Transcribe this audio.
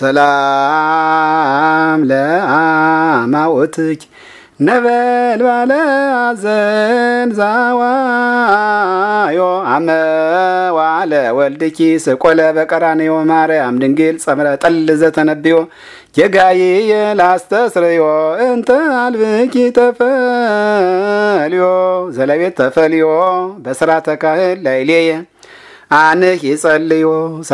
ሰላም ለአማወትኪ ነበልባለ ሐዘን ዛዋዮ አመዋለ ወልድኪ ስቆለ በቀራንዮ ማርያም ድንግል ጸምረ ጠል ዘተነብዮ የጋይ የላስተስርዮ እንተ አልብኪ ተፈልዮ ዘለቤት ተፈልዮ በስራ ተካህል ላይሌየ አንህ ይጸልዮ